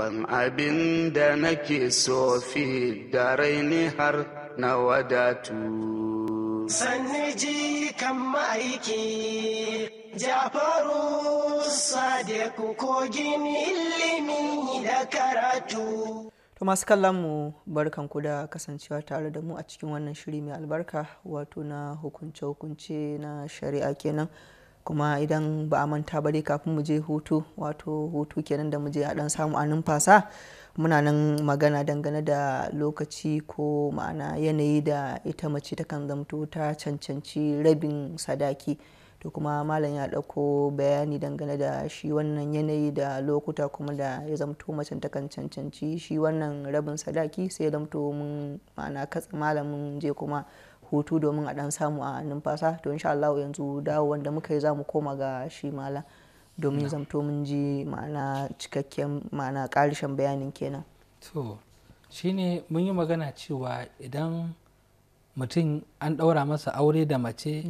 ban abin da nake so fi da raini har na wadatu sanni ji kan ma'aiki jafaru ko gini ilimi da karatu to masu kallon mu barkanku da kasancewa tare da mu a cikin wannan shiri mai albarka wato na hukunce-hukunce na shari'a kenan. kuma idan ba a manta ba dai kafin mu je hutu wato hutu kenan da mu je a dan samu a numfasa muna nan magana dangane da lokaci ko ma'ana yanayi da ita mace takan zamto ta cancanci rabin sadaki to kuma malam ya dauko bayani dangane da shi wannan yanayi da lokuta kuma da ya zamto ta takan cancanci shi wannan rabin sadaki sai ya zamto mun ma'ana katsa malamin je kuma hutu domin a dan samu a numfasa to insha Allah yanzu dawo wanda muka yi za mu koma ga shi malam domin zamto mun ji ma'ana cikakken ma'ana karishen bayanin kenan to shine mun yi magana cewa idan mutum an daura masa aure da mace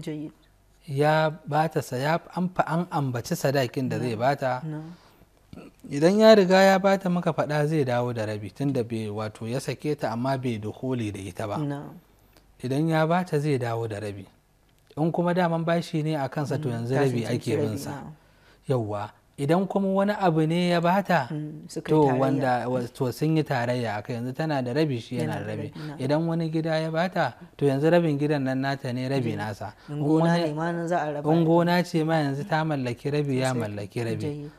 ya bata sa ya an ambaci sadakin da zai bata idan ya riga ya bata maka fada zai dawo da rabi tunda bai wato ya sake ta amma bai dukuli da ita ba idan ya bata zai dawo da rabi in kuma daman bashi ne a kansa to mm, yanzu rabi ake binsa yauwa idan kuma wani abu ne ya bata mm, to wanda to sun yi tarayya aka yanzu tana da rabi shi yana da rabi idan wani gida ya bata to yanzu rabin gidan nan nata ne rabi nasa in gona ce ma yanzu ta mallaki rabi ya mallaki rabi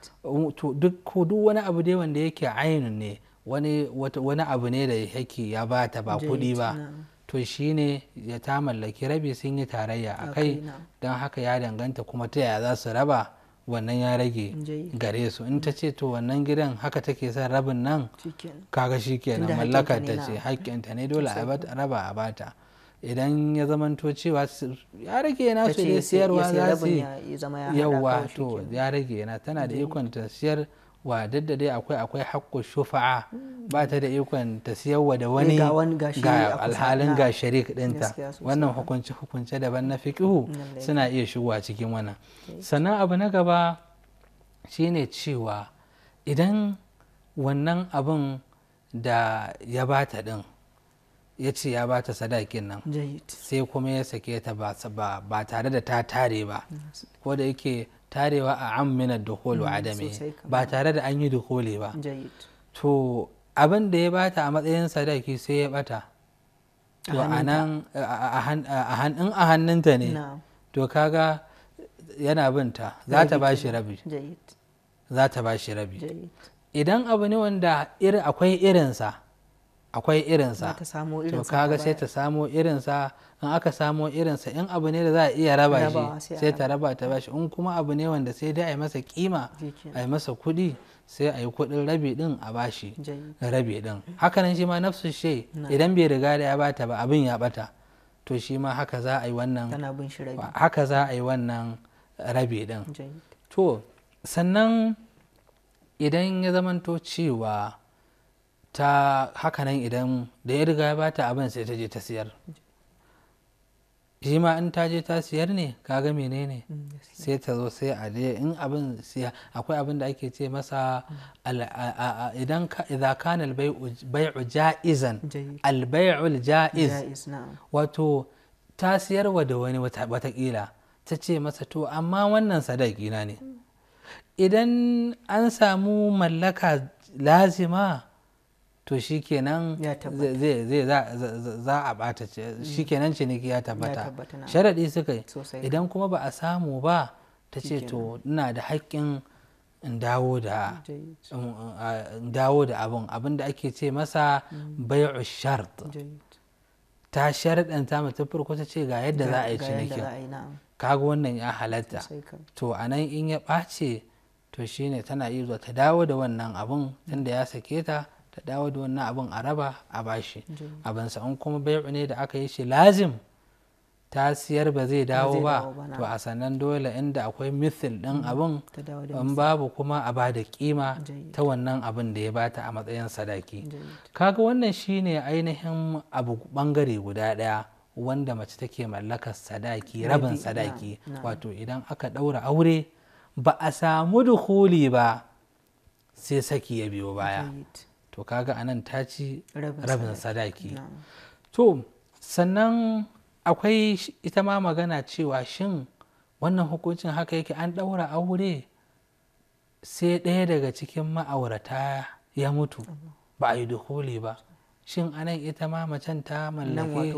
to duk wani abu dai wanda yake ainun ne wani abu ne da yake ya bata ba kuɗi ba to shine ya ta mallaki rabi sun yi tarayya a kai don haka ya danganta kuma ta yaya za su raba wannan ya rage gare su in ta ce to wannan gidan haka take son rabin nan kaga shi kenan mallaka ta ce haƙƙinta ne dole a raba a bata idan ya zamanto cewa ya rage na su ne siyarwa za su yawwa to ya rage na tana da ikon ta siyar wa duk da dai akwai akwai haƙƙo shufa'a ba ta da ikon ta wa da wani ga alhalin ga sharik ɗinta wannan hukunce hukunce daban na fiƙihu suna iya shigowa cikin wannan sannan abu na gaba shine cewa idan wannan abin da ya bata din ya ce ya bata sadakin nan sai kuma ya sake ta ba tare da ta tare ba ko da yake tarewa a an mina dukul wa hmm, adami ba tare da an yi dukuli ba to abin da ya bata a matsayin sadaki sai ya bata to a nan in a hannunta ne to kaga yana binta za ta ba shi rabi za ta ba shi rabi idan abu ne wanda akwai irinsa akwai irinsa to kaga sai ta samo irinsa in aka samo irinsa in abu ne da za a iya raba shi sai ta raba ta bashi in kuma abu ne wanda sai dai a yi masa kima a yi masa kuɗi sai a yi kuɗin rabi ɗin a bashi rabi ɗin hakanan shi ma nafsu she idan bai riga da ya bata ba abin ya bata to shi ma haka za a yi wannan haka za a yi wannan rabi ɗin to sannan idan ya zamanto cewa ta hakanan idan da ya riga ya bata abin sai ta je ta siyar shi ma in ta je ta siyar ne kaga menene mm, sai ta zo sai a je in abin siya akwai abin da ake ce masa idan idza kana bai'u ja'izan al jaiz wato ta siyarwa da wani watakila ta ce masa to amma wannan sadaki na ne mm. idan an samu mallaka lazima to shi kenan za a bata shi kenan ciniki ya tabbata sharaɗi suka yi idan kuma ba a samu ba ta ce to ina da haƙƙin dawo da abin abin da ake ce masa mm. bai'u shart ta sharaɗanta mata farko ta ce ga yadda za a yi cinikin kaga wannan ya halatta to a nan in ya ɓace to shine tana iya zuwa ta dawo da wannan abun tunda ya sake ta dawo da wannan abin a raba a bashi abinsa in kuma bai'u ne da aka yi shi lazim ta siyar ba zai dawo ba to a sannan dole inda akwai mithil ɗin mm. abin in babu kuma a ba da kima ta wannan abin da ya bata a matsayin sadaki kaga wannan shine ainihin abu bangare guda ɗaya wanda mace take mallakar sadaki rabin sadaki wato idan aka ɗaura aure ba a samu duhuli ba sai saki ya biyo baya to kaga anan ta ci rabin sadaki to sannan akwai ita ma magana cewa shin wannan hukuncin haka yake an ɗaura aure sai ɗaya daga cikin ma'aurata ya mutu ba a yi dukuli ba shin anan ita ma macen ta mallake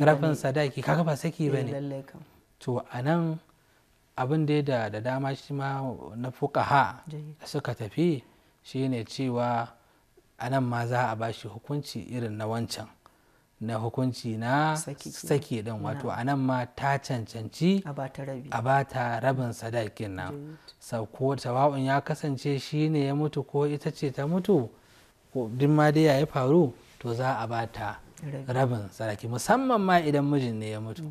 rafin sadaki kaga ba saki ba eh, ne to anan abin da da dama shi ma na ha suka tafi shine cewa a nan ma za a bashi hukunci irin na wancan na hukunci na sake din wato a nan ma ta cancanci a ba ta rabin sadakin nan sauko tawa'un ya kasance shi ne ya mutu ko ita ce ta mutu ko duk ma dai ya faru to za a ba ta rabin sadaki musamman ma idan mijin ne ya mutu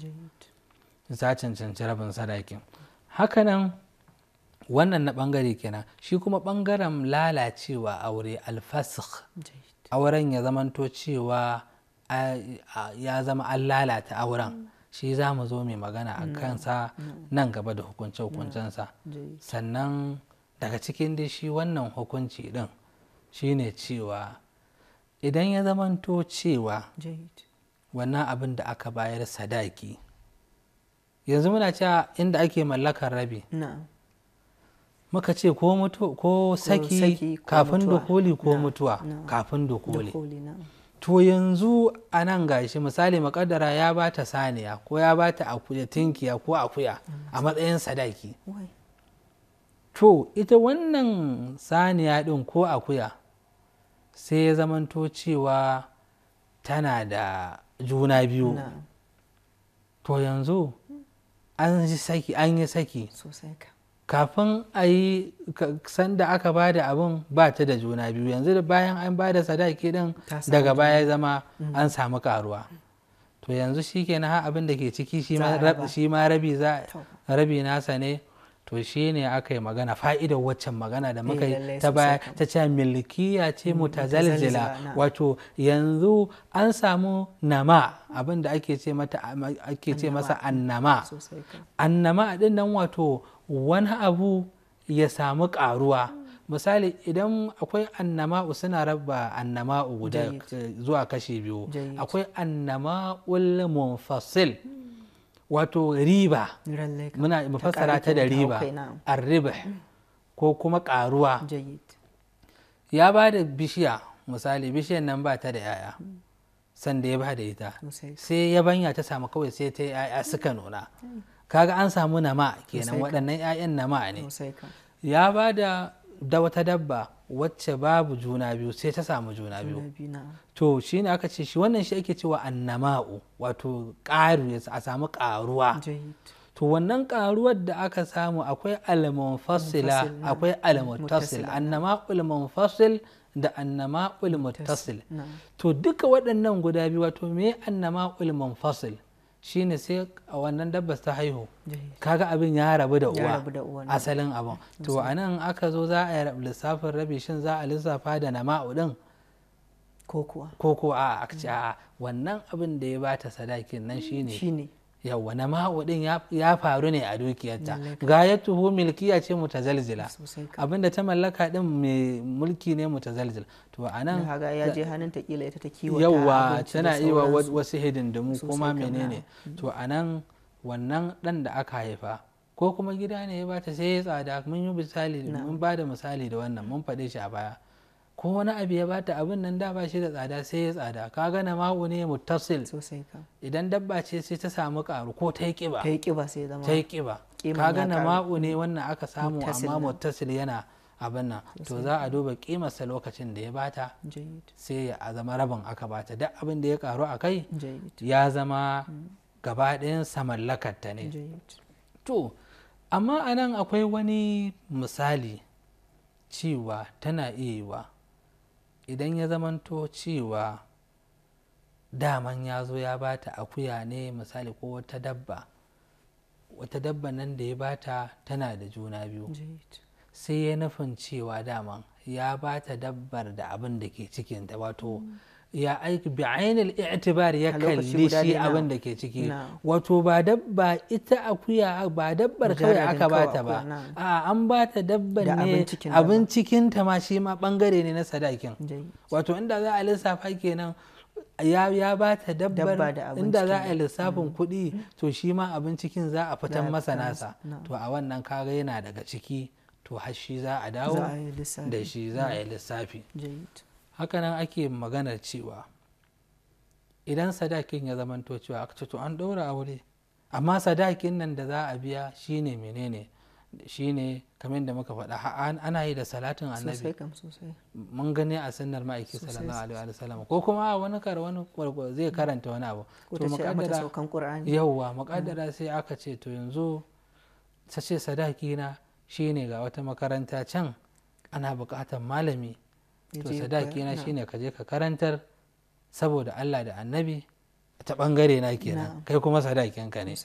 za cancanci rabin sadakin hakanan wannan na bangare kenan shi kuma bangaren lalacewa aure alfasikh auren ya zamanto cewa ya zama an lalata auren mm. shi za mu zo mai magana a mm. kansa mm. nan gaba da hukunce-hukuncensa sannan daga cikin dai shi wannan hukunci din shi ne cewa idan ya zamanto cewa wannan abin da aka bayar sadaki yanzu muna cewa inda ake mallakar rabi muka ce ko mutu ko saki kafin da koli ko mutuwa kafin da koli. to yanzu a nan gashi misali makaddara ya ba ta saniya ko ya ba ta akuya tinkiya ko akuya a matsayin sadaki to ita wannan saniya din ko akuya sai ya zamanto cewa tana da juna biyu to yanzu an yi saki kafin a yi sanda aka ba da abin ba ta da juna biyu yanzu da bayan an ba da sadaki din daga baya zama mm. an samu karuwa to yanzu shi ke na abin da ke ciki shi ma rabi nasa ne to shi ne aka yi magana fa'idar waccan magana da muka yi eh, ta baya ta ce milkiya ce mm, mutazalzila wato yanzu an samu nama abin da ake ce masa annama annama din nan wato wani abu ya samu karuwa. misali idan akwai annama'u suna raba annama'u guda eh, zuwa kashi biyu akwai annama'ul munfasil wato riba muna mufassara ta da riba arriba ko kuma karuwa. ya ba da bishiya misali bishiyar nan ba ta da 'ya'ya sanda ya ba da ita sai yabanya ta samu kawai sai ta 'ya'ya suka nuna mm. kaga an samu nama kenan waɗannan 'ya'yan nama ne ya ba da da wata dabba wacce babu juna biyu sai ta samu juna biyu to shi ne aka ce shi wannan shi ake cewa annama'u wato ƙaru a samu ƙaruwa to wannan ƙaruwar da aka samu akwai almanfasila akwai almuttasil annama'ul manfasil da annama'ul muttasil to duka waɗannan guda biyu wato me annama'ul manfasil shine sai a wannan dabbas ta haihu kaga abin ya rabu da uwa asalin abin to a nan aka zo za a yi lissafin rabi shin za a lissafa da nama'u din ko kuwa a a wannan abin da ya bata sadakin nan shine yawwa na ma'u ya faru ne a dukiyarta tuhu milkiya ce mutazalzila abinda ta mallaka din mai mulki ne mutazalzil to a nan ya je hannun ta kila ita ta kiwata yawwa tana wa wasu hidindimu kuma menene mm. to a nan wannan dan da aka haifa ko kuma gida ne ya bata sai ya tsada mun yi misali mun ba da misali da wannan mun faɗe shi a baya ko wani abu ya bata abin nan da ba shi da tsada sai ya tsada ka gana ma'u ne muttasil idan dabba ce sai ta samu karu ko ta yi kiba ta yi kiba sai zama ta yi kiba ka gana ma'u ne wannan aka samu amma muttasil yana abin nan to za a duba kimarsa lokacin da ya bata sai ya zama rabin aka bata duk abin da ya karu a kai ya zama hmm. gaba ɗayan mallakarta ne to amma anan akwai wani misali cewa tana iya yiwa idan ya zamanto cewa daman ya zo ya bata akuya ne misali ko wata dabba wata dabba nan da ya bata tana da juna biyu sai ya nufin cewa daman ya bata dabbar da abin da ke cikinta wato mm. ya aiki bi ainihin i'tibar ya kalli shi abin da ke ciki wato ba dabba ita akuya ba dabbar kawai aka bata ba a an bata dabban ne abin cikin ta ma shi ma bangare ne na sadakin wato inda za a lissafa kenan ya ya ba dabbar inda za a lissafin mm. kuɗi to shi ma abin cikin za a fitan masa nasa to a wannan kaga yana daga ciki to har shi za a dawo da shi za a yi mm. lissafi hakanan ake maganar cewa idan sadakin ya zamanto cewa aka to an ɗaura aure amma sadakin nan da za a biya shine menene shine kamar da muka faɗa ana yi da salatin annabi mun gani a sunnar ma'aiki sallallahu alaihi wa sallam ko kuma wani kar wani zai karanta wani abu to muƙaddara yawwa mm. muƙaddara sai aka ce to yanzu sace sadaki na shine ga wata makaranta can ana buƙatar malami to sadaki na shine ka je ka karantar saboda Allah da annabi ta bangare na kenan kai kuma sadakin ne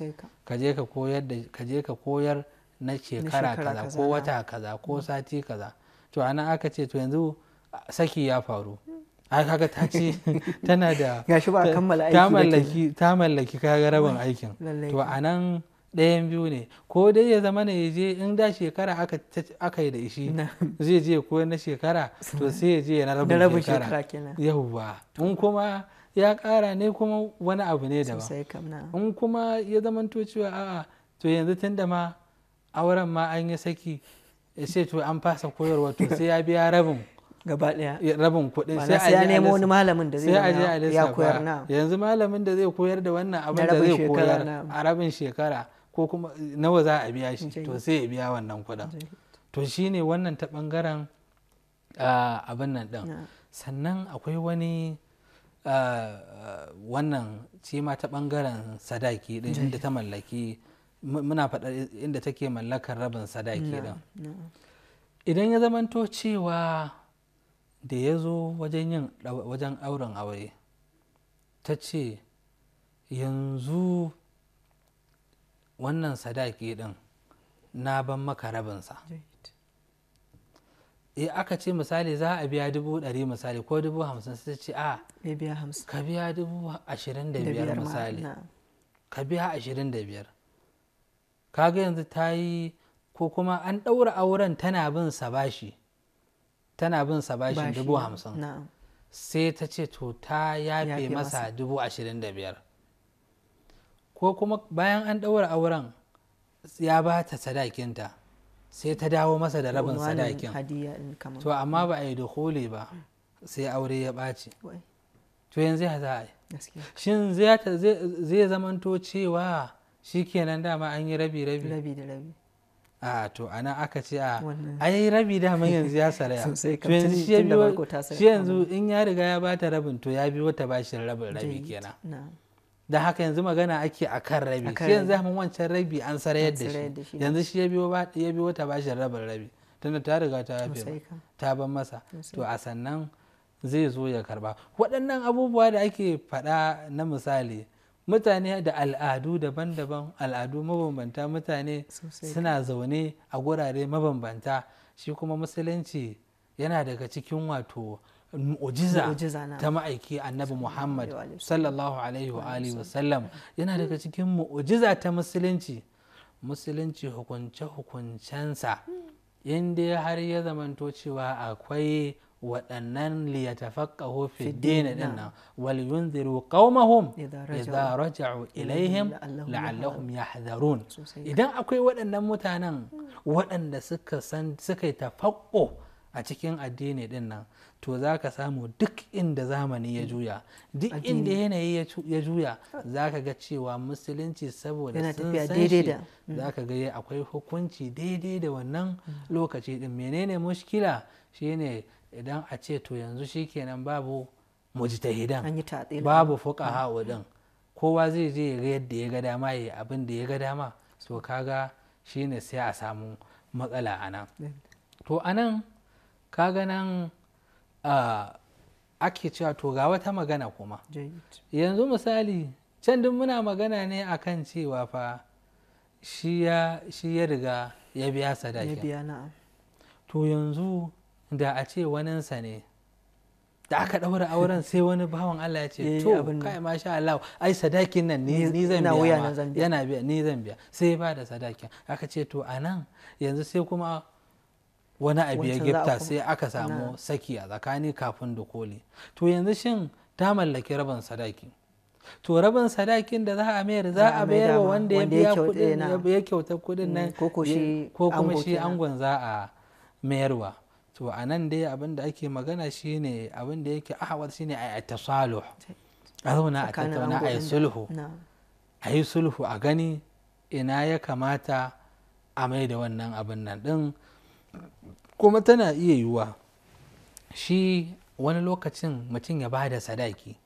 ka je ka koyar da ka je ka koyar na shekara kaza ko wata kaza ko mm. sati kaza to ana aka ce to yanzu saki ya faru kaga ta ce tana da ta mallaki ta mallaki kaga rabin aikin to anan ɗayan biyu ne ko dai ya zama ne ya je in da shekara aka yi da ishi zai je ko na shekara to sai ya je na rabin shekara yauwa in kuma ya ƙara ne kuma wani abu ne daban in kuma ya to cewa a'a to yanzu tun da ma auren ma an yi saki ya ce to an fasa koyarwa to sai ya biya rabin gaba rabin kuɗin sai a nemo wani malamin da zai ya koyar na yanzu malamin da zai koyar da wannan abin da zai koyar a rabin shekara ko kuma eh, nawa za a biya shi to sai ya biya wannan kuɗin to shine wannan ta ɓangaren abin nan ɗin sannan akwai wani wannan cima ta bangaren sadaki ɗin inda ta mallaki muna faɗa eh, inda take mallakar rabin sadaki din idan ya zamanto cewa da ya zo wajen yin wajen auren aure ta ce yanzu wannan sadaki din na ban maka rabinsa e aka ce misali za a biya dubu ɗari misali ko dubu hamsin sai ce ah, a ka biya dubu ashirin da biyar misali ka biya ashirin da biyar kaga yanzu ta yi ko kuma an ɗaura auren tana bin sa bashi tana bin sa bashi dubu hamsin sai ta ce to ta yafe masa dubu ashirin da biyar ko kuma bayan an ɗaura auren ya ba ta sadakinta sai ta dawo masa da rabin sadakin to amma ba a yi dukule ba sai aure ya ɓaci to yanzu ya za a yi shin zai zamanto cewa shi kenan dama an yi rabi rabi rabi da rabi a to ana aka ce a ai rabi dama yanzu ya saraya to yanzu shi yanzu in ya riga ya bata rabin to ya biyo ta bashin rabin rabi kenan da haka yanzu magana ake a kan rabi shi yanzu mun wancan rabi an sarayar da shi yanzu shi ya biyo ta bashin rabin rabi tunda ta riga ta yafe ta ban masa to a sannan zai zo ya karba waɗannan abubuwa da ake faɗa na misali mutane da al'adu daban-daban al'adu mabambanta mutane suna zaune a gurare mabambanta shi kuma musulunci yana daga cikin wato mu'ujiza ta ma'aiki annabi muhammad sallallahu alaihi wa alihi wasallam yana daga cikin mu'ujiza ta musulunci musulunci hukunce hukuncensa inda har ya zamanto cewa akwai waɗannan liyatafaqahu fi din din nan wal yunziru qaumahum idza raja'u ilaihim la'allahum yahdharun idan akwai waɗannan mutanen hmm. waɗanda suka san suka yi tafaqqo a cikin addini din nan to za ka samu duk inda zamani ya juya duk inda yanayi ya juya za ka ga cewa musulunci saboda sun san shi mm. za ka ga akwai hukunci daidai da wannan mm. lokaci din menene mushkila shine idan a ce to yanzu shikenan babu mujtahidan babu fuqaha din mm. kowa zai je ya ga yadda ya ga dama ya abin da ya ga dama to kaga shine sai a samu matsala a nan to anan kaga nan ake cewa to ga wata magana kuma yanzu misali can duk muna magana ne akan cewa fa shi ya riga ya biya sadakin to yanzu da a ce waninsa ne da aka ɗaura auren sai wani bawan Allah ya ce eh, to kai sha Allah ai sadakin nan ni zan biya yana biya ni zan biya sai ba da sadakin aka ce to anan yanzu sai kuma wani abu ya gifta sai aka samu saki a tsakani kafin da koli to yanzu shin ta mallaki rabin sadaki to rabin sadakin da za a mayar za a bayar wa wanda ya biya kudin ya kyauta kudin mm, nan eh, ko kuma shi angon za a mayarwa to a nan dai abin da ake magana shine abin da yake ahwar shine a tasaluh a zauna a tattauna a yi sulhu a yi sulhu a gani ina ya kamata a mai da wannan abin nan din kuma tana iya yiwuwa shi wani lokacin mutum ya ba da sadaki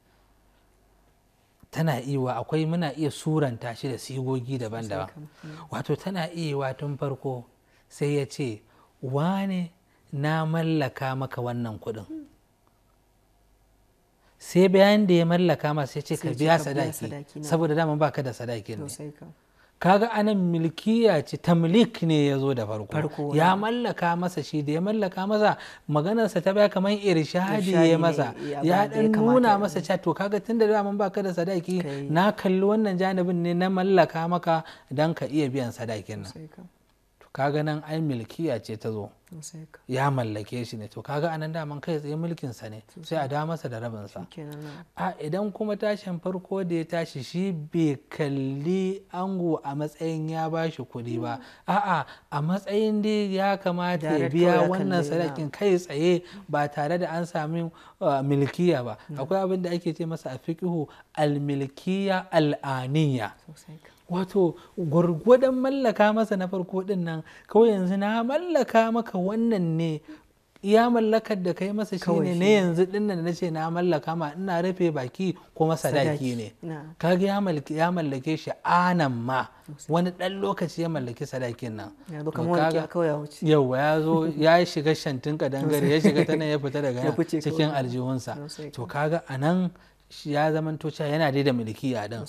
tana iya akwai muna iya suranta shi da sigogi daban-daban hmm. wato tana iya tun farko sai ya ce wane na mallaka maka wannan kuɗin hmm. sai bayan da ya mallaka masu ya ce ka biya sadaki saboda ba baka da sadakin ne kaga anan milkiya ce tamlik ne ya zo da farko ya mallaka masa shi da ya mallaka masa maganarsa ta baya kamar irishadi ya masa ya dan nuna masa cewa to kaga tun da daman baka da sadaki na kalli wannan janibin ne na mallaka maka dan ka iya biyan sadakin nan kaga nan ai milkiya ce ta zo ya mallake shi ne to kaga anan daman kai tsaye mulkinsa ne sai a da masa da rabinsa a idan kuma tashin farko da ya tashi shi bai kalli ango a matsayin ya ba shi kuɗi ba hmm. a'a a matsayin dai ya kamata ya biya wannan sadakin kai tsaye ba tare da an sami uh, milkiya ba hmm. akwai abin da ake ce masa a fiƙihu al-milkiya al'aniya wato gwargwadon mallaka masa na farko din nan kawai yanzu na mallaka maka wannan ne ya mallakar da kai masa shi ne na yanzu dinnan na ce na mallaka ma ina rufe baki kuma sadaki ne kaga ya mallake shi anan ma wani dan lokaci ya mallaki sadakin nan yauwa ya zo ya shiga shantin kadangare ya shiga tana ya fita daga cikin aljihunsa to kaga anan ya zamanto cewa yana da milikiya din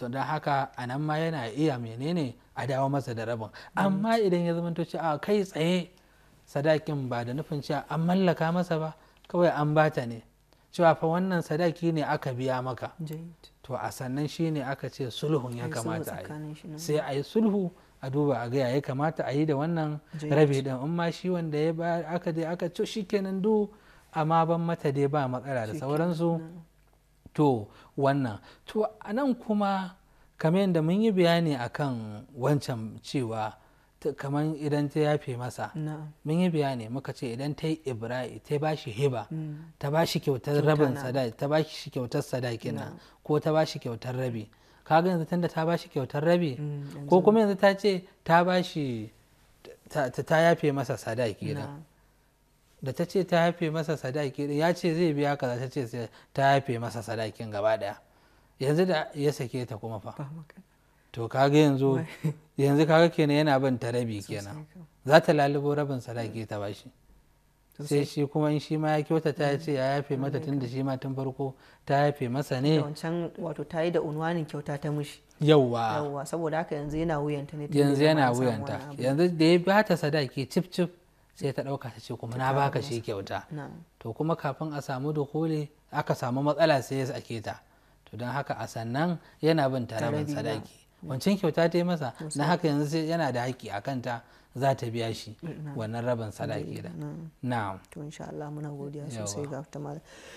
to don haka a nan ma yana iya menene a dawo masa da rabin amma mm. idan ya zamanto cewa kai tsaye sadakin ba da nufin cewa an mallaka masa ba kawai an bata ne cewa fa wannan sadaki ne aka biya maka to a sannan shi ne aka ce sulhun ya kamata a yi sai a yi sulhu a duba a gaya ya kamata a yi da wannan rabi din in ma shi wanda ya aka dai aka ce shi kenan du amma ban mata dai ba matsala da sauransu to wannan to a nan kuma kamar yadda mun yi bayani kan wancan cewa kamar idan ta yafe masa mun yi bayani muka ce idan ta yi ibra'i ta ba shi hiba mm. ta ba shi kyautar rabin sadaki ta ba shi kyautar sadaki na ko ta ba shi kyautar rabi kaga yanzu tunda ta ba shi kyautar rabi mm, ko kuma yanzu ta ce ta ba shi ta yafe masa sadaki na da ta ce ta haife masa sadaki ya ce zai biya kaza ta ce ta haife masa sadakin gaba daya yanzu da ya sake ta kuma fa to kaga yanzu yanzu kaga kenan yana bin ta rabi kenan za ta lalubo rabin sadaki ta bashi sai shi kuma in shi ma ya kyauta ta ce ya haife mata tun da shi ma tun farko ta haife masa ne wancan wato ta yi da unwanin kyauta ta mushi yawwa saboda haka yanzu yana wuyanta ne yanzu yana wuyanta yanzu da ya bata sadaki cif cif sai ta ɗauka ta ce kuma na baka shi kyauta to kuma kafin a samu dukuli aka samu matsala sai ya sake ta to don haka a sannan yana bin taramin sadaki wancan kyauta ta yi masa na haka yanzu sai yana da haƙƙi a kanta za ta biya shi wannan rabin sadaki da Na. to insha Allah muna godiya sosai ga ta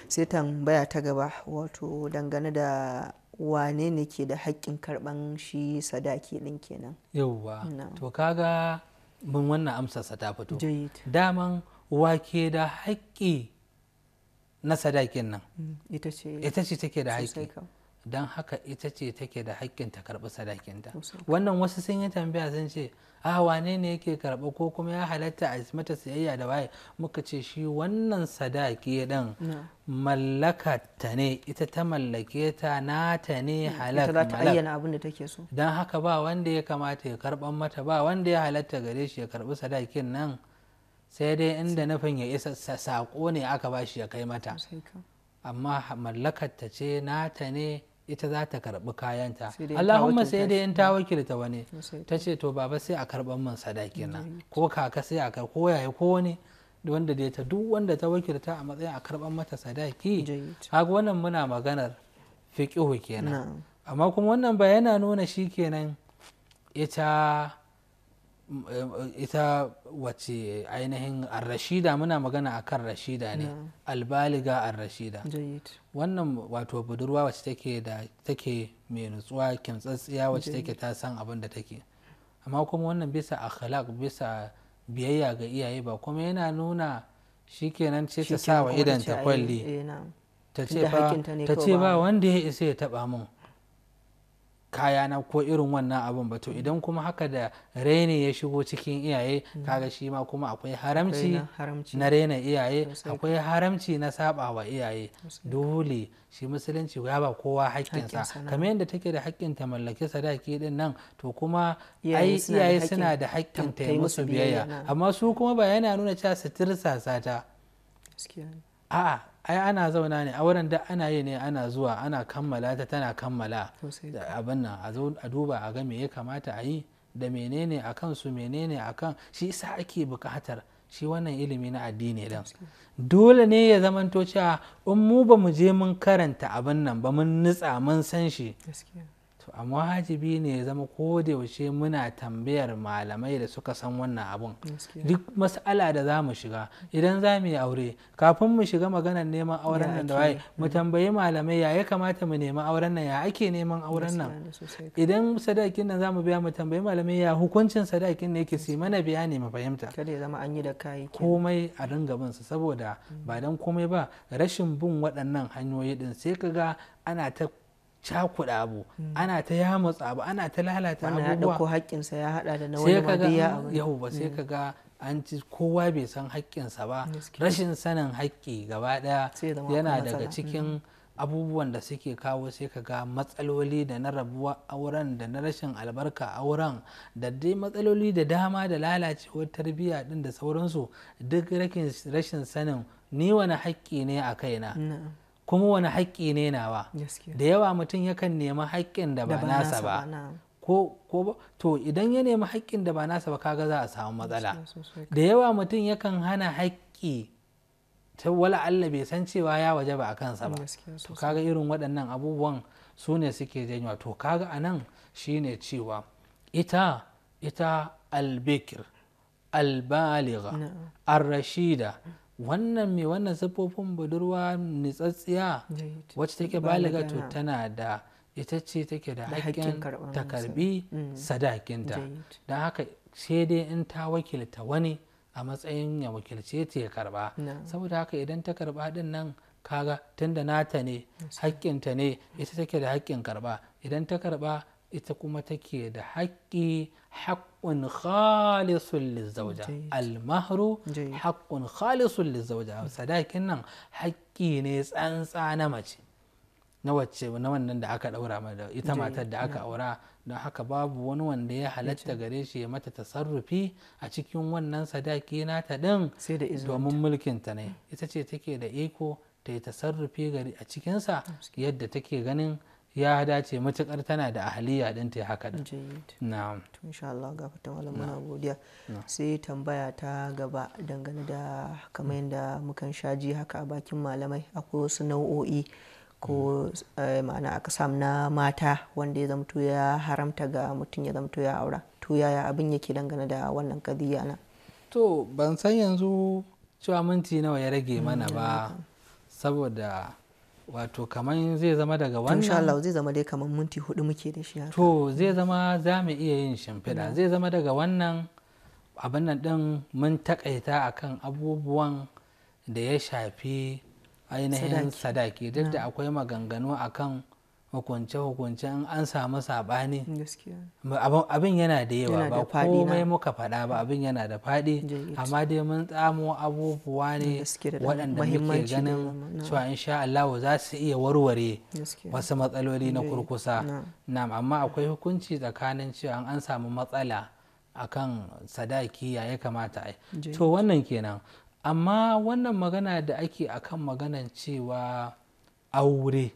sai tambaya ta gaba wato dangane da wane ne ke da haƙƙin karɓan shi sadaki din kenan yauwa to kaga mun wannan amsarsa ta fito daman wake da haƙƙi na sadakin nan mm, ita ce take da haƙƙi don haka ita ce take da hakkin ta karɓi sadakinta wannan wasu sun yi tambaya sun ce a wane ne yake karɓa ko kuma ya halatta a mata sayayya da waye muka ce shi wannan sadaki ɗin mallakata ne ita ta mallake ta nata ne halak don haka ba wanda ya kamata ya karɓan mata ba wanda ya halatta gare shi ya karɓi sadakin nan sai dai inda nufin ya isa sako ne aka ba shi ya kai mata amma mallakata ta ce nata ne ita za ta karbi kayanta allahumma sai dai in ta wakilta wani ta ce to baba sai a karban man sadaki na ko kaka sai a karɓi ko yaya ko wani wanda dai ta duk wanda ta wakilta a matsayin a karban mata sadaki haka wannan muna maganar fiƙihu kenan amma kuma wannan ba yana nuna shi kenan ita ita wace ainihin arrashida muna magana a kan rashida ne albaliga arrashida wannan wato budurwa wacce take da take mai nutsuwa kimtsatsiya wacce take ta san abin da take amma kuma wannan bisa akhlaq bisa biyayya ga iyaye ba kuma yana nuna shikenan ce ta sa wa idan ta kwalli eh, ta ce ba wanda ya isa ya taba mun kayana ko irin wannan abin ba to mm. idan kuma haka da raini ya shigo cikin iyaye mm. kaga shi ma kuma akwai haramci na raina iyaye akwai haramci na saba wa iyaye dole shi musulunci ya ba kowa haƙƙinsa kamar yadda take da haƙƙin ta mallaki sadaki din nan to kuma ai iyaye suna da haƙƙin ta yi musu biyayya amma su kuma ba yana nuna cewa su tirsasa ta a'a ai ana zauna ne a wurin da ana yi ne ana zuwa ana kammala ta tana kammala abin nan a duba a ga me ya kamata a yi da menene a su menene a kan shi isa ake bukatar shi wannan ilimi na addini dan dole ne ya zamanto cewa in mu ba mu je mun karanta abin nan ba mun nutsa mun san shi to amma wajibi ne ya zama ko da yaushe muna tambayar malamai da suka san wannan abun duk mas'ala da za mu shiga idan za mu yi aure kafin mu shiga maganar neman auren nan da waye mu tambayi malamai ya ya kamata mu nemi auren nan ya ake neman auren nan idan sadakin nan za mu biya mu tambayi malamai ya hukuncin sadakin ne yake si mana ne mu fahimta kada ya zama an yi da kai komai a ringa bin su saboda ba dan komai ba rashin bin waɗannan hanyoyi din sai kaga ana ta cakuɗa abu hmm. ana ta matsa abu ana ta lalata abubuwa wannan ya ɗauko haƙƙinsa ya haɗa da na wani madiya abu yau ba sai hmm. kaga an ci kowa bai san haƙƙinsa ba rashin sanin hakki gaba ɗaya yana daga cikin hmm. abubuwan da suke kawo sai ka matsaloli da na rabuwa auren da na rashin albarka auren da dai matsaloli da dama da lalacewar tarbiyya din da sauransu duk rashin sanin ni wani haƙƙi ne a kaina kuma wani haƙƙi ne nawa da yawa mutum yakan nemi haƙƙin da ba nasa ba ko to idan ya nemi haƙƙin da ba nasa ba kaga za a samu matsala da yawa mutum yakan hana haƙƙi ta wala Allah bai san cewa ya waje ba a kansa ba to kaga irin waɗannan abubuwan su ne suke janyowa to kaga a nan shi ne cewa ita ita albikir albaliga ar-rashida wannan mai wannan siffofin budurwa nitsatsiya wacce take baliga to tana da ita ce take da hakkin ta karbi mm. sadakinta don haka sai dai in ta wakilta wani a matsayin ya wakilce ta ya karba saboda haka idan ta karba din nan kaga tunda nata ne hakkinta ne ita take da hakkin karba idan ta karba ita kuma take da haƙƙi haƙƙun khalisun lizauja almahru haƙƙun khalisun lizauja sadakin nan haƙƙi ne tsantsa na mace na wacce na wannan da aka daura mata ita matar da aka aura don haka babu wani wanda ya halatta gare shi ya mata tasarrufi a cikin wannan sadaki nata din domin mulkin ta ne ita ce take da iko ta yi tasarrufi gari a cikinsa ah, yadda take ganin ya dace matukar tana da ahaliya din ta haka da na'am to Allah ga fata muna godiya sai tambaya ta gaba dangane da kamar yadda mukan shaji haka a bakin malamai akwai wasu nau'o'i ko mm. eh, ma'ana aka samu na mata wanda ya zamto ya haramta ga mutum ya zamto ya aura to yaya abin yake dangane da wannan kadiya na to ban san yanzu cewa minti nawa ya rage mana mm, ba saboda wato kamar zai zama daga wannan insha Allah zai zama dai kamar minti hudu muke da shi to zai zama za mu iya yin shimfiɗa zai zama daga wannan abin nan din mun takaita akan abubuwan da ya shafi ainihin sadaki duk da akwai maganganu akan hukunce in an samu saɓani abin yana da yawa ba komai muka faɗa ba abin yana da faɗi amma dai mun tsamo abubuwa ne waɗanda muke ganin cewa insha Allah za su iya warware wasu matsaloli na kurkusa amma akwai hukunci tsakanin cewa an samu matsala akan sadaki ya ya kamata a yi to wannan kenan amma wannan magana da ake akan maganan cewa aure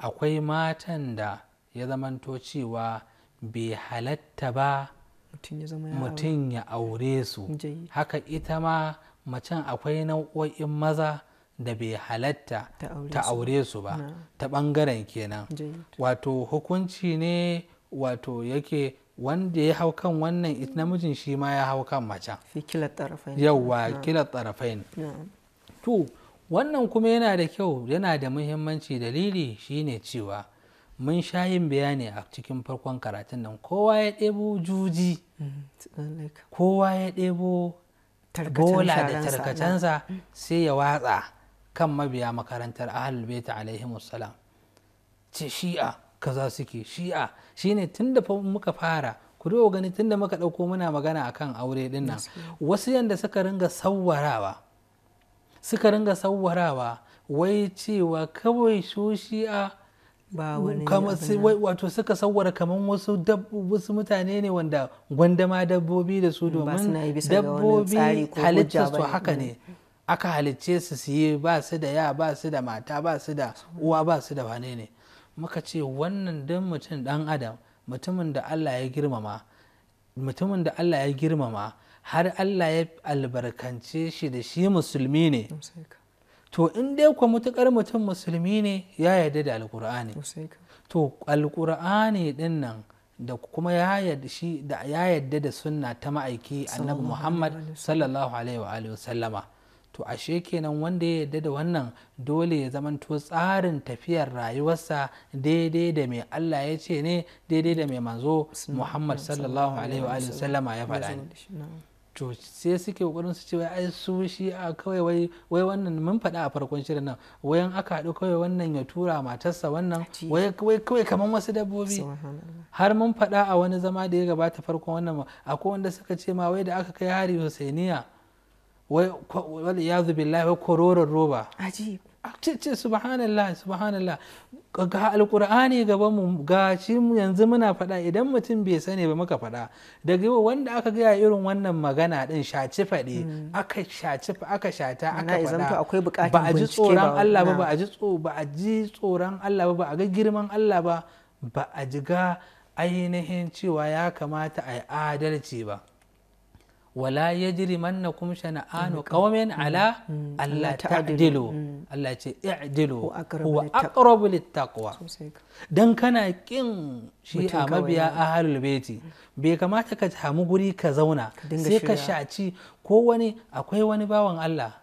akwai matan da ya zamanto cewa bai halatta ba mutum ya aure su haka ita ma macen akwai nau'o'in maza da bai halatta ta aure su ba ta bangaren kenan wato hukunci ne wato yake wanda ya hau kan wannan namijin shi ma ya hau kan macen yauwa kila tsarafai ne wannan kuma yana da kyau yana da muhimmanci dalili shine cewa mun sha yin bayani a cikin farkon karatun nan kowa ya ɗebo juji kowa ya ɗebo bola da tarkacensa sai ya watsa kan mabiya makarantar ahal baita alaihimus salam ce shi'a kaza suke shi'a shine tunda muka fara ku gani gani tunda muka ɗauko muna magana akan aure ɗin wasu yadda suka ringa sawwarawa suka ringa sauwarawa wai cewa kawai shoshi a wato suka sauwara kamar wasu wasu mutane ne wanda gwandama dabbobi da su domin dabbobi halitta su haka ne aka halicce su siye ba su da ya ba su da mata ba su da uwa ba su da wane ne muka ce wannan don mutum dan adam mutumin da Allah ya girmama mutumin da Allah ya girmama har Allah ya albarkance shi da shi musulmi ne to in dai kwa mutukar mutum musulmi ne ya yarda da alkur'ani to al'ƙur'ani din nan da kuma ya yarda da sunna ta ma'aiki annabi muhammad sallallahu alaihi wa sallama to ashe kenan wanda ya yarda da wannan dole ya zamanto tsarin tafiyar rayuwarsa daidai da mai Allah ya ce ne daidai da mai manzo muhammad sallallahu alaihi wa sallama ya faɗa ne to sai suke kokarin su cewa ai su shi a kawai wai wannan mun faɗa a farkon shirin nan wayan aka haɗu kawai wannan ya tura matarsa wannan wai kawai kaman wasu dabbobi har mun faɗa a wani zama da ya gabata farkon wannan akwai wanda suka ce ma wai da aka kai hari Husainiya wai ya zubi kororon roba ce ce subhanallah subhanallah ga alkur'ani gaban mu ga shi yanzu muna faɗa idan mutum bai sani ba muka faɗa daga yau wanda aka gaya irin wannan magana din shaci faɗe hmm. aka shaci aka shata aka faɗa ba a ji tsoron Allah ba ba a ji ba a ji tsoron Allah ba ba a ga girman Allah ba ba a ji ga ainihin cewa ya kamata a yi adalci ba wala ya jiri manna kuma shana'anu kawamin mm. ala mm. Allah ta'dilu mm. Allah ce i'dilu huwa aqrabu littaqwa dan kana kin shi a mabiya halin beti. bai kamata ka samu guri ka zauna sai ka shaci ko wani akwai wani bawan Allah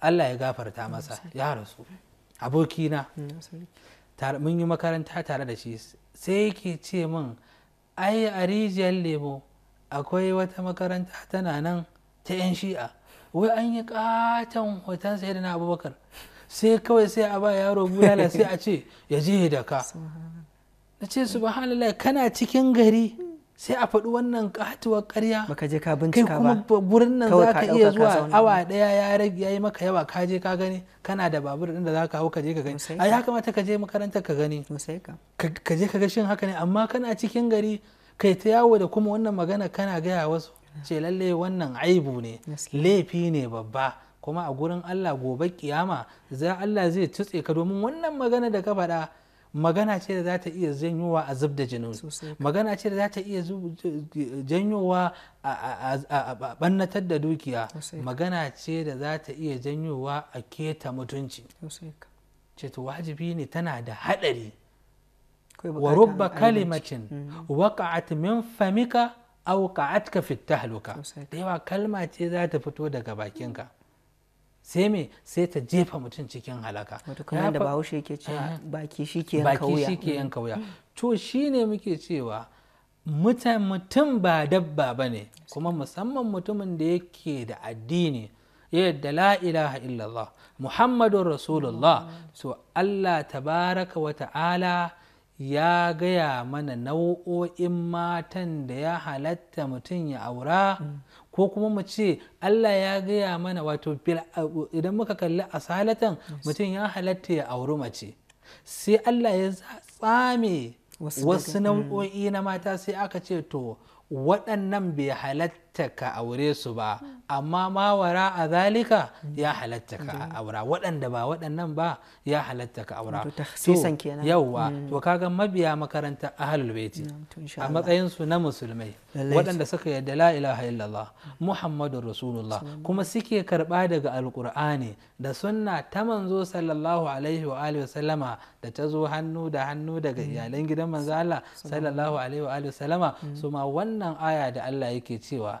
Allah ya gafarta masa ya rasu abokina mun yi makaranta tare da shi sai yake ce min ai a rijiyar lemo akwai wata makaranta tana nan ta 'yan shi'a wai an yi katon hoton sai na abubakar sai kawai sai a ba yaro bulala sai a ce ya je da ka na ce subhanallah kana cikin gari sai a faɗi wannan katuwar ƙarya baka je ka bincika ba kuma gurin nan za ka iya zuwa awa ɗaya ya rage yi maka yawa ka je ka gani kana da babur ɗin da za ka hau ka je ka gani a ya kamata ka je makarantar ka gani ka je ka ga shin haka ne amma kana cikin gari kai ta yawo da kuma wannan magana kana gaya wasu ce lalle wannan aibu ne laifi ne babba kuma a gurin Allah gobe kiyama za Allah zai tutse ka domin wannan magana da ka faɗa magana ce da za ta iya janyowa a zub da jinin magana ce da za ta iya janyowa a ɓannatar da dukiya magana ce da za ta iya janyowa a keta mutunci ce to wajibi ne tana da haɗari wa rubba kalimacin waqa'at min famika aw qa'atka fi tahluka da yawa kalma ce za ta fito daga bakinka sai me sai ta jefa mutum cikin halaka wato da bahaushe yake ke yanka wuya to shine muke cewa mutum ba dabba ba ne kuma musamman mutumin da yake da addini yadda la ilaha illallah muhammadun rasulullah so allah tabaraka wa ta'ala ya gaya mana nau'o'in matan da ya halatta mutum ya aura ko kuma mu ce Allah ya gaya mana wato idan muka kalli asalatan mutum ya halatta ya auri mace sai Allah ya tsame wasu nau'o'i na mata sai aka ce to waɗannan bai halatta halatta ka aure su ba amma mawara a zalika ya halatta ka aura waɗanda ba waɗannan ba ya halatta mm. ka aura yauwa to kaga mabiya makaranta ahlul baiti a matsayin su na musulmai waɗanda suka yarda la ilaha illallah muhammadur rasulullah kuma suke karɓa daga alkur'ani da sunna ta manzo sallallahu alaihi wa alihi sallama da ta zo hannu da hannu daga mm. iyalan gidan manzo Allah sallallahu alaihi wa alihi sallama mm. su ma wannan aya da Allah yake cewa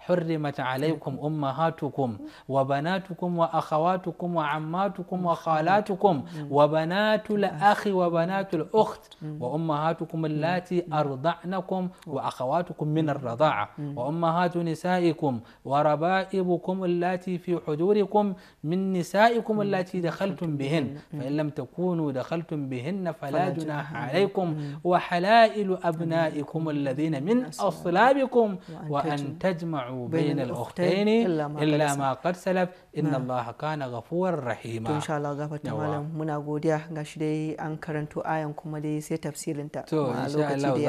حرمت عليكم أمهاتكم وبناتكم وأخواتكم وعماتكم وخالاتكم وبنات الأخ وبنات الأخت وأمهاتكم اللاتي أرضعنكم وأخواتكم من الرضاعة وأمهات نسائكم وربائبكم اللاتي في حضوركم من نسائكم اللاتي دخلتم بهن فإن لم تكونوا دخلتم بهن فلا جناح عليكم وحلائل أبنائكم الذين من أصلابكم وأن تجمعوا جمعوا بين الأختين إلا ما, إلا ما قد سلف إن الله كان غفورا رحيما to insha Allah gafarta malam muna godiya gashi dai an karanto ayan kuma dai sai tafsirin ta to insha Allah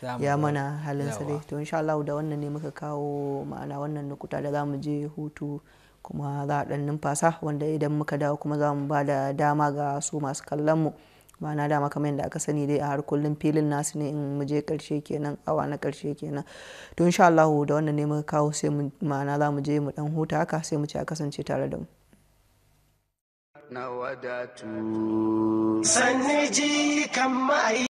zama ya mana halin sa to insha Allah da wannan ne muka kawo ma'ana wannan nukuta da zamu je hutu kuma za a dan numfasa wanda idan muka dawo kuma za mu ba da dama ga su masu kallon mu na dama kamar yadda aka sani dai a har kullum filin nasu ne in muje karshe kenan awa na karshe kenan to insha Allah da wannan ne muka kawo sai mu ma'ana za mu je mu dan huta haka sai mu ce a kasance tare da mu na wadatu sanji